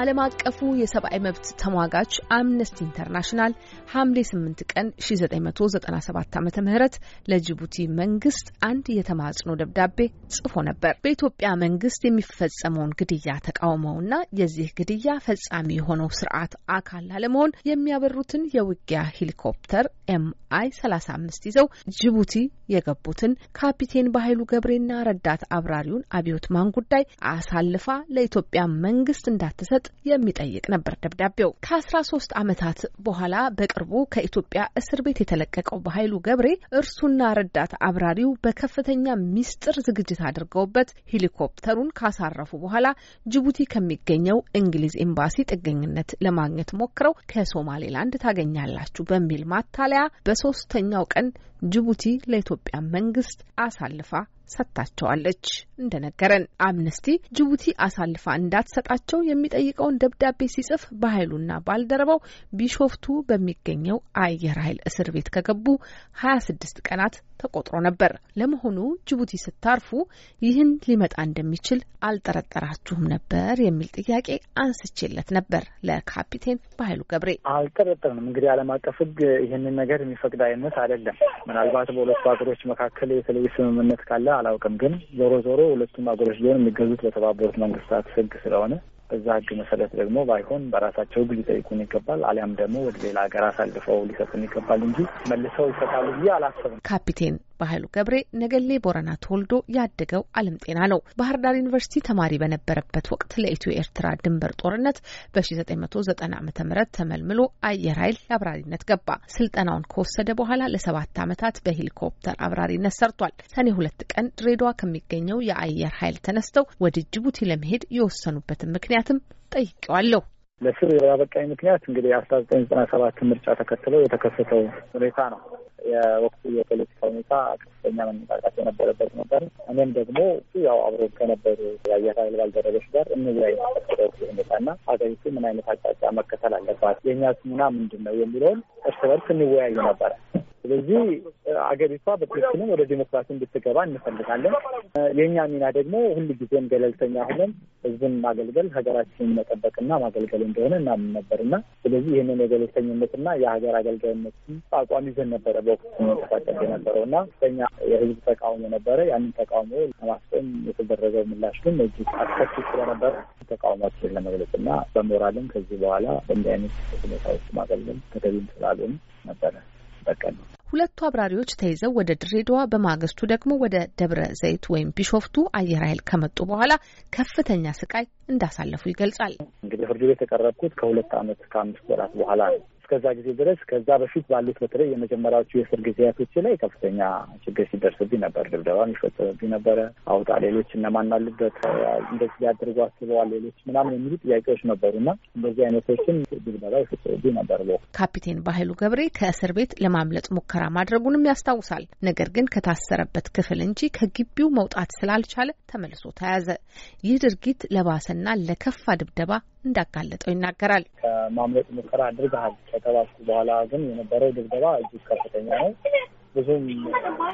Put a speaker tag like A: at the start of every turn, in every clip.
A: ዓለም አቀፉ የሰብአዊ መብት ተሟጋች አምነስቲ ኢንተርናሽናል ሐምሌ 8 ቀን 1997 ዓ ም ለጅቡቲ መንግስት አንድ የተማጽኖ ደብዳቤ ጽፎ ነበር። በኢትዮጵያ መንግስት የሚፈጸመውን ግድያ ተቃውመውና የዚህ ግድያ ፈጻሚ የሆነው ስርዓት አካል ላለመሆን የሚያበሩትን የውጊያ ሄሊኮፕተር ኤምአይ 35 ይዘው ጅቡቲ የገቡትን ካፒቴን በኃይሉ ገብሬና ረዳት አብራሪውን አብዮት ማን ጉዳይ አሳልፋ ለኢትዮጵያ መንግስት እንዳትሰጥ የሚጠይቅ ነበር ደብዳቤው። ከአስራ ሶስት ዓመታት በኋላ በቅርቡ ከኢትዮጵያ እስር ቤት የተለቀቀው በኃይሉ ገብሬ እርሱና ረዳት አብራሪው በከፍተኛ ሚስጥር ዝግጅት አድርገውበት ሄሊኮፕተሩን ካሳረፉ በኋላ ጅቡቲ ከሚገኘው እንግሊዝ ኤምባሲ ጥገኝነት ለማግኘት ሞክረው ከሶማሌላንድ ታገኛላችሁ በሚል ማታለያ በሶስተኛው ቀን ጅቡቲ ለኢትዮጵያ መንግስት አሳልፋ ሰጥታቸዋለች። እንደነገረን አምነስቲ ጅቡቲ አሳልፋ እንዳትሰጣቸው የሚጠይቀውን ደብዳቤ ሲጽፍ በኃይሉና ባልደረባው ቢሾፍቱ በሚገኘው አየር ኃይል እስር ቤት ከገቡ ሀያ ስድስት ቀናት ተቆጥሮ ነበር። ለመሆኑ ጅቡቲ ስታርፉ ይህን ሊመጣ እንደሚችል አልጠረጠራችሁም ነበር የሚል ጥያቄ አንስቼለት ነበር ለካፒቴን በኃይሉ
B: ገብሬ። አልጠረጠርንም። እንግዲህ ዓለም አቀፍ ሕግ ይህንን ነገር የሚፈቅድ አይነት አይደለም። ምናልባት በሁለቱ ሀገሮች መካከል የተለየ ስምምነት ካለ አላውቅም። ግን ዞሮ ዞሮ ሁለቱም አገሮች ቢሆን የሚገዙት በተባበሩት መንግስታት ህግ ስለሆነ በዛ ህግ መሰረት ደግሞ ባይሆን በራሳቸው ህግ ሊጠይቁን ይገባል። አሊያም ደግሞ ወደ ሌላ ሀገር አሳልፈው ሊሰጡን ይገባል እንጂ መልሰው ይሰጣሉ ብዬ አላሰብም።
A: ካፒቴን በኃይሉ ገብሬ ነገሌ ቦረና ተወልዶ ያደገው ዓለም ጤና ነው። ባህር ዳር ዩኒቨርሲቲ ተማሪ በነበረበት ወቅት ለኢትዮ ኤርትራ ድንበር ጦርነት በ1990 ዓ ም ተመልምሎ አየር ኃይል ለአብራሪነት ገባ። ስልጠናውን ከወሰደ በኋላ ለሰባት ዓመታት በሄሊኮፕተር አብራሪነት ሰርቷል። ሰኔ ሁለት ቀን ድሬዳዋ ከሚገኘው የአየር ኃይል ተነስተው ወደ ጅቡቲ ለመሄድ የወሰኑበትን ምክንያትም ጠይቄዋለሁ።
B: ለስር ያበቃኝ ምክንያት እንግዲህ አስራ ዘጠኝ ዘጠና ሰባት ምርጫ ተከትለው የተከሰተው ሁኔታ ነው። የወቅቱ የፖለቲካ ሁኔታ ከፍተኛ መነቃቃት የነበረበት ነበር። እኔም ደግሞ ያው አብሮ ከነበሩ የአየር ኃይል ባልደረቦች ጋር እንወያይ የነበረበት ሁኔታ እና ሀገሪቱ ምን አይነት አቅጣጫ መከተል አለባት፣ የእኛ ሚና ምንድን ነው የሚለውን እርስ በርስ እንወያዩ ነበረ። ስለዚህ አገሪቷ በትክክልም ወደ ዲሞክራሲ እንድትገባ እንፈልጋለን። የእኛ ሚና ደግሞ ጊዜም ገለልተኛ ሆነን ህዝብን ማገልገል፣ ሀገራችንን መጠበቅና ማገልገል እንደሆነ እናምን ነበር እና ስለዚህ ይህንን የገለልተኝነትና የሀገር አገልጋይነት አቋም ይዘን ነበረ በወቅቱ የሚንቀሳቀስ የነበረው እና ከፍተኛ የህዝብ ተቃውሞ ነበረ። ያንን ተቃውሞ ለማስቆም የተደረገው ምላሽ ግን እጅግ አስከፊ ስለነበረ ተቃውሟችን ለመግለጽ እና በሞራልም ከዚህ በኋላ እንዲህ አይነት ሁኔታዎች ማገልገል ተገቢም ስላልሆነ ነበረ በቀል ነው።
A: ሁለቱ አብራሪዎች ተይዘው ወደ ድሬዳዋ በማግስቱ ደግሞ ወደ ደብረ ዘይት ወይም ቢሾፍቱ አየር ኃይል ከመጡ በኋላ ከፍተኛ ስቃይ እንዳሳለፉ ይገልጻል።
B: እንግዲህ ፍርድ ቤት የቀረብኩት ከሁለት ዓመት ከአምስት ወራት በኋላ ነው። እስከዛ ጊዜ ድረስ ከዛ በፊት ባሉት በተለይ የመጀመሪያዎቹ የእስር ጊዜያቶች ላይ ከፍተኛ ችግር ሲደርስብኝ ነበር። ድብደባም ይፈጸምብኝ ነበረ። አውጣ፣ ሌሎች እነማን አሉበት፣ እንደዚህ ሊያደርጉ አስበዋል፣ ሌሎች ምናምን የሚሉ ጥያቄዎች ነበሩና እንደዚህ አይነቶችን ድብደባ ይፈጸምብኝ ነበር።
A: ካፒቴን ባህሉ ገብሬ ከእስር ቤት ለማምለጥ ሙከራ ማድረጉንም ያስታውሳል። ነገር ግን ከታሰረበት ክፍል እንጂ ከግቢው መውጣት ስላልቻለ ተመልሶ ተያዘ። ይህ ድርጊት ለባሰና ለከፋ ድብደባ እንዳጋለጠው ይናገራል።
B: ከማምለጥ ሙከራ አድርገሃል ከተባልኩ በኋላ ግን የነበረው ድብደባ እጅግ ከፍተኛ ነው። ብዙም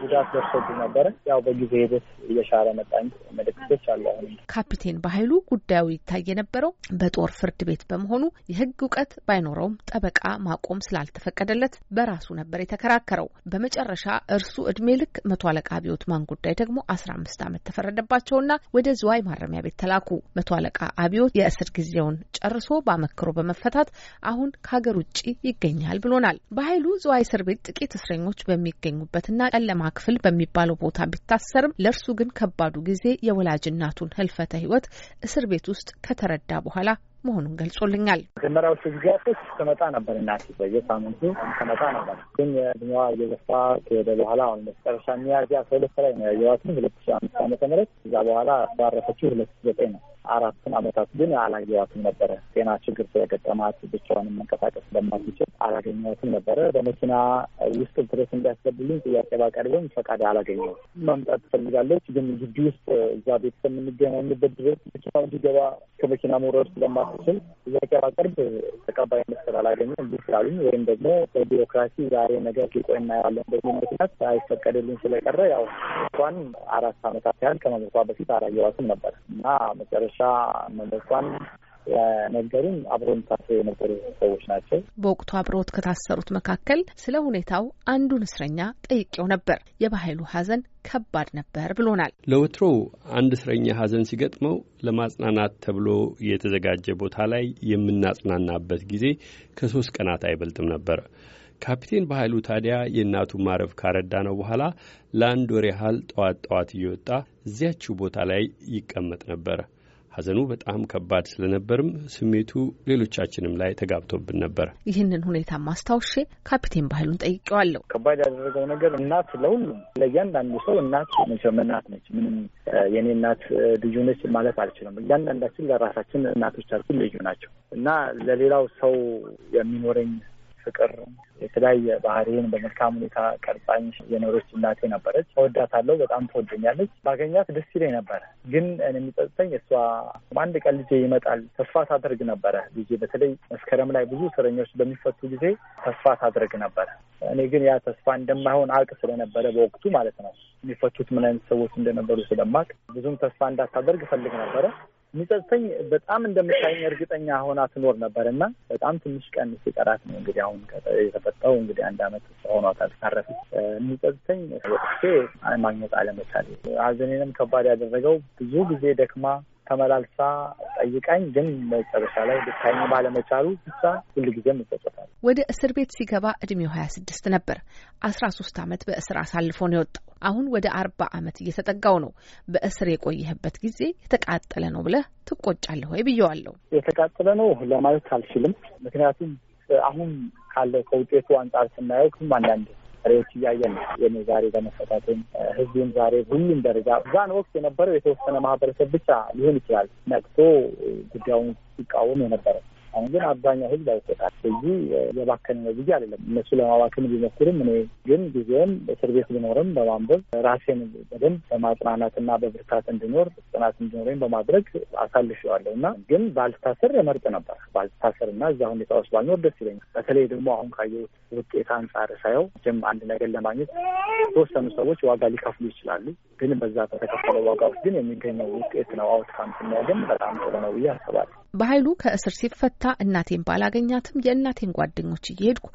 B: ጉዳት ደርሶብ ነበረ። ያው በጊዜ ሂደት እየሻረ መጣኝ ምልክቶች አሉ። አሁን
A: ካፒቴን በኃይሉ ጉዳዩ ይታይ የነበረው በጦር ፍርድ ቤት በመሆኑ የህግ እውቀት ባይኖረውም ጠበቃ ማቆም ስላልተፈቀደለት በራሱ ነበር የተከራከረው። በመጨረሻ እርሱ እድሜ ልክ መቶ አለቃ አብዮት ማን ጉዳይ ደግሞ አስራ አምስት ዓመት ተፈረደባቸውና ወደ ዝዋይ ማረሚያ ቤት ተላኩ። መቶ አለቃ አብዮት የእስር ጊዜውን ጨርሶ በአመክሮ በመፈታት አሁን ከሀገር ውጭ ይገኛል ብሎናል። በኃይሉ ዝዋይ እስር ቤት ጥቂት እስረኞች በሚ በሚገኙበትና ጨለማ ክፍል በሚባለው ቦታ ቢታሰርም ለእርሱ ግን ከባዱ ጊዜ የወላጅ እናቱን ህልፈተ ህይወት እስር ቤት ውስጥ ከተረዳ በኋላ መሆኑን ገልጾልኛል።
B: መጀመሪያው ስዝጋቶች ትመጣ ነበር እናት በየሳምንቱ ትመጣ ነበር። ግን እድሜዋ እየገፋ ከሄደ በኋላ አሁን መጨረሻ ሚያዝያ አስራ ሁለት ላይ ነው ያየዋትን ሁለት ሺ አምስት አመተ ምህረት እዛ በኋላ ባረፈችው ሁለት ዘጠኝ ነው አራቱን አመታት ግን አላየኋትም ነበረ። ጤና ችግር ስለገጠማት ብቻዋንም መንቀሳቀስ ስለማትችል አላገኘኋትም ነበረ። በመኪና ውስጥ ድረስ እንዲያስገቡልኝ ጥያቄ ባቀርብም ፈቃድ አላገኘሁም። መምጣት ትፈልጋለች፣ ግን ግቢ ውስጥ እዛ ቤተሰብ የምንገናኝበት ድረስ መኪና እንዲገባ ከመኪና መውረድ ስለማትችል ጥያቄ ባቀርብ ተቀባይነት ስላላገኘ እዚህ ስላሉኝ ወይም ደግሞ በቢሮክራሲ ዛሬ ነገር ሊቆይ እናየዋለን በሚል ምክንያት አይፈቀድልኝ ስለቀረ ያው እንኳን አራት አመታት ያህል ከመሞቷ በፊት አላየኋትም ነበር እና መጨረሻ መጨረሻ መለሷን የነገሩን አብሮን ታስረው የነበሩ ሰዎች ናቸው።
A: በወቅቱ አብሮት ከታሰሩት መካከል ስለ ሁኔታው አንዱን እስረኛ ጠይቄው ነበር። የባህሉ ሀዘን ከባድ ነበር ብሎናል።
B: ለወትሮ አንድ እስረኛ ሀዘን ሲገጥመው ለማጽናናት ተብሎ የተዘጋጀ ቦታ ላይ የምናጽናናበት ጊዜ ከሶስት ቀናት አይበልጥም ነበር። ካፒቴን ባህሉ ታዲያ የእናቱ ማረፍ ካረዳ ነው በኋላ ለአንድ ወር ያህል ጠዋት ጠዋት እየወጣ እዚያችው ቦታ ላይ ይቀመጥ ነበር። ሐዘኑ በጣም ከባድ ስለነበርም ስሜቱ ሌሎቻችንም ላይ ተጋብቶብን ነበር።
A: ይህንን ሁኔታ ማስታውሼ ካፒቴን ባህሉን ጠይቄዋለሁ። ከባድ ያደረገው ነገር እናት ለሁሉም ለእያንዳንዱ ሰው እናት መቼም እናት
B: ነች። ምንም የኔ እናት ልዩ ነች ማለት አልችልም። እያንዳንዳችን ለራሳችን እናቶቻችን ልዩ ናቸው እና ለሌላው ሰው የሚኖረኝ ፍቅር የተለያየ ባህሪን በመልካም ሁኔታ ቀርጻኝ የኖሮች እናቴ ነበረች። እወዳታለሁ። በጣም ትወደኛለች። ባገኛት ደስ ይለኝ ነበረ። ግን የሚጸጥተኝ እሷ አንድ ቀን ልጄ ይመጣል ተስፋ ታደርግ ነበረ። ልጄ በተለይ መስከረም ላይ ብዙ እስረኞች በሚፈቱ ጊዜ ተስፋ ታደርግ ነበረ። እኔ ግን ያ ተስፋ እንደማይሆን አውቅ ስለነበረ በወቅቱ ማለት ነው የሚፈቱት ምን አይነት ሰዎች እንደነበሩ ስለማቅ ብዙም ተስፋ እንዳታደርግ ፈልግ ነበረ። የሚጸጽተኝ በጣም እንደምታይኝ እርግጠኛ ሆና ትኖር ነበር እና በጣም ትንሽ ቀን ሲቀራት ነው እንግዲህ አሁን የተፈታው እንግዲህ አንድ አመት ሆኗታል ካረፈች። የሚጸጽተኝ ወጥቼ ማግኘት አለመቻል፣ ሀዘኔንም ከባድ ያደረገው ብዙ ጊዜ ደክማ ተመላልሳ ጠይቃኝ፣ ግን መጨረሻ ላይ ልታኛ ባለመቻሉ ብቻ ሁልጊዜም እጸጸታለሁ።
A: ወደ እስር ቤት ሲገባ እድሜው ሀያ ስድስት ነበር። አስራ ሶስት አመት በእስር አሳልፎ ነው የወጣው። አሁን ወደ አርባ አመት እየተጠጋው ነው። በእስር የቆየህበት ጊዜ የተቃጠለ ነው ብለህ ትቆጫለህ ወይ ብየዋለሁ።
B: የተቃጠለ ነው ለማለት አልችልም። ምክንያቱም አሁን ካለው ከውጤቱ አንጻር ስናየው አንዳንድ ፍሬዎች እያየ ነው። የኔ ዛሬ በመሰጣትም ህዝቡን ዛሬ ሁሉም ደረጃ እዛን ወቅት የነበረው የተወሰነ ማህበረሰብ ብቻ ሊሆን ይችላል ነቅቶ ጉዳዩን ሲቃወም የነበረው አሁን ግን አብዛኛው ህዝብ አይቆጣል። ስለዚህ የባከነ ነው ብዬ አይደለም። እነሱ ለማባከን ቢሞክርም እኔ ግን ጊዜም እስር ቤት ቢኖርም በማንበብ ራሴን በደንብ በማጽናናት እና በብርታት እንድኖር ጽናት እንዲኖረኝ በማድረግ አሳልሸዋለሁ እና ግን ባልታሰር እመርጥ ነበር። ባልታሰር እና እዛ ሁኔታ ውስጥ ባልኖር ደስ ይለኛል። በተለይ ደግሞ አሁን ካየሁት ውጤት አንጻር ሳየው ጅም አንድ ነገር ለማግኘት የተወሰኑ ሰዎች ዋጋ ሊከፍሉ ይችላሉ። ግን በዛ በተከፈለው ዋጋ ውስጥ ግን የሚገኘው ውጤት ነው አውትካም ስናየው ግን በጣም ጥሩ ነው ብዬ አስባለሁ።
A: በኃይሉ ከእስር ሲፈታ እናቴን ባላገኛትም የእናቴን ጓደኞች እየሄድኩ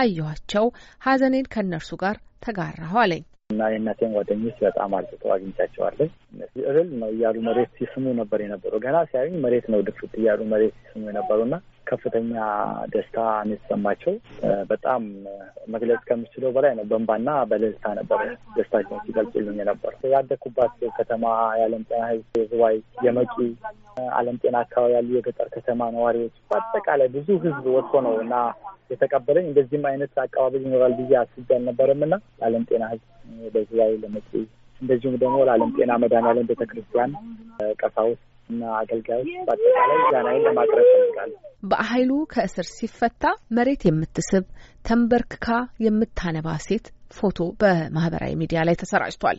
A: አየኋቸው። ሀዘኔን ከእነርሱ ጋር ተጋራሁ አለኝ።
B: እና የእናቴን ጓደኞች በጣም አርጥተው አግኝቻቸዋለሁ። እነዚህ እህል ነው እያሉ መሬት ሲስሙ ነበር የነበረው። ገና ሲያዩኝ መሬት ነው ድፍት እያሉ መሬት ሲስሙ የነበሩና ከፍተኛ ደስታ ነው በጣም መግለጽ ከምችለው በላይ ነው። በንባና በደስታ ነበረ ደስታቸውን ሲገልጹልኝ ነበር። ያደኩባት ከተማ የዓለም ጤና ህዝብ የዝዋይ፣ የመቂ፣ ዓለም ጤና አካባቢ ያሉ የገጠር ከተማ ነዋሪዎች፣ በአጠቃላይ ብዙ ህዝብ ወጥቶ ነው እና የተቀበለኝ። እንደዚህም አይነት አቀባበል ይኖራል ብዬ አስቤ አልነበረም እና የዓለም ጤና ህዝብ በዝዋይ ለመቂ እንደዚሁም ደግሞ ለዓለም ጤና መድኃኔዓለም ቤተክርስቲያን ቀሳውስት እና አገልጋዮች በአጠቃላይ ዛናይን ለማቅረብ ፈልጋለሁ።
A: በሀይሉ ከእስር ሲፈታ መሬት የምትስብ ተንበርክካ የምታነባ ሴት ፎቶ በማህበራዊ ሚዲያ ላይ ተሰራጭቷል።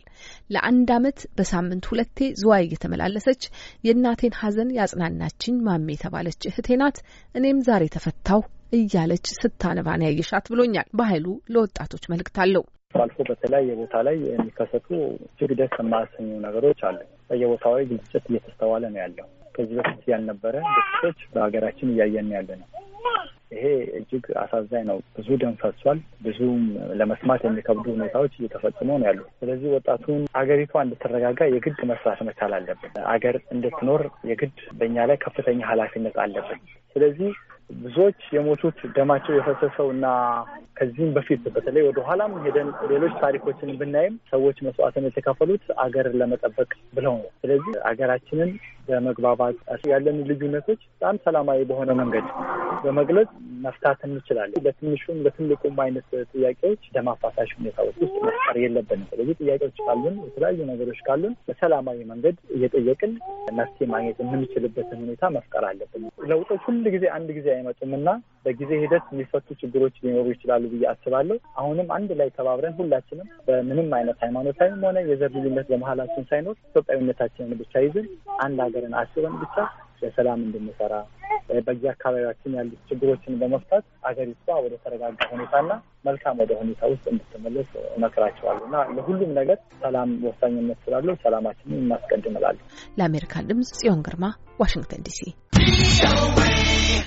A: ለአንድ አመት በሳምንት ሁለቴ ዝዋይ እየተመላለሰች የእናቴን ሀዘን ያጽናናችኝ ማሜ የተባለች እህቴ ናት። እኔም ዛሬ ተፈታው እያለች ስታነባን ያየሻት ብሎኛል። በሀይሉ ለወጣቶች መልእክት አለው።
B: አልፎ በተለያየ ቦታ ላይ የሚከሰቱ እጅግ ደስ የማያሰኙ ነገሮች አሉ። በየቦታው ላይ ግጭት እየተስተዋለ ነው ያለው። ከዚህ በፊት ያልነበረ ግጭቶች በሀገራችን እያየን ያለ ነው። ይሄ እጅግ አሳዛኝ ነው። ብዙ ደም ፈሷል። ብዙም ለመስማት የሚከብዱ ሁኔታዎች እየተፈጽሞ ነው ያሉ። ስለዚህ ወጣቱን አገሪቷ እንድትረጋጋ የግድ መስራት መቻል አለብን። አገር እንድትኖር የግድ በእኛ ላይ ከፍተኛ ኃላፊነት አለብን። ስለዚህ ብዙዎች የሞቱት ደማቸው የፈሰሰው እና ከዚህም በፊት በተለይ ወደ ኋላም ሄደን ሌሎች ታሪኮችን ብናይም ሰዎች መስዋዕትን የተከፈሉት አገርን ለመጠበቅ ብለው ነው። ስለዚህ አገራችንን በመግባባት ያለን ልዩነቶች በጣም ሰላማዊ በሆነ መንገድ በመግለጽ መፍታት እንችላለን። ለትንሹም ለትልቁም አይነት ጥያቄዎች ደም አፋሳሽ ሁኔታዎች ውስጥ መፍጠር የለብንም። ስለዚህ ጥያቄዎች ካሉን፣ የተለያዩ ነገሮች ካሉን በሰላማዊ መንገድ እየጠየቅን መፍትሄ ማግኘት የምንችልበትን ሁኔታ መፍጠር አለብን። ለውጦች ሁል ጊዜ አንድ ጊዜ አይመጡም እና በጊዜ ሂደት የሚፈቱ ችግሮች ሊኖሩ ይችላሉ ብዬ አስባለሁ። አሁንም አንድ ላይ ተባብረን ሁላችንም በምንም አይነት ሃይማኖታዊም ሆነ የዘር ልዩነት በመሀላችን ሳይኖር ኢትዮጵያዊነታችንን ብቻ ይዘን አንድ ሀገር ነገርን አስበን ብቻ ለሰላም እንድንሰራ በየአካባቢያችን ያሉት ችግሮችን በመፍታት አገሪቷ ወደ ተረጋጋ ሁኔታና መልካም ወደ ሁኔታ ውስጥ እንድትመለስ እመክራቸዋለሁ እና ለሁሉም ነገር ሰላም ወሳኝነት ስላለው ሰላማችንን እናስቀድምላለን።
A: ለአሜሪካ ድምፅ ጽዮን ግርማ ዋሽንግተን ዲሲ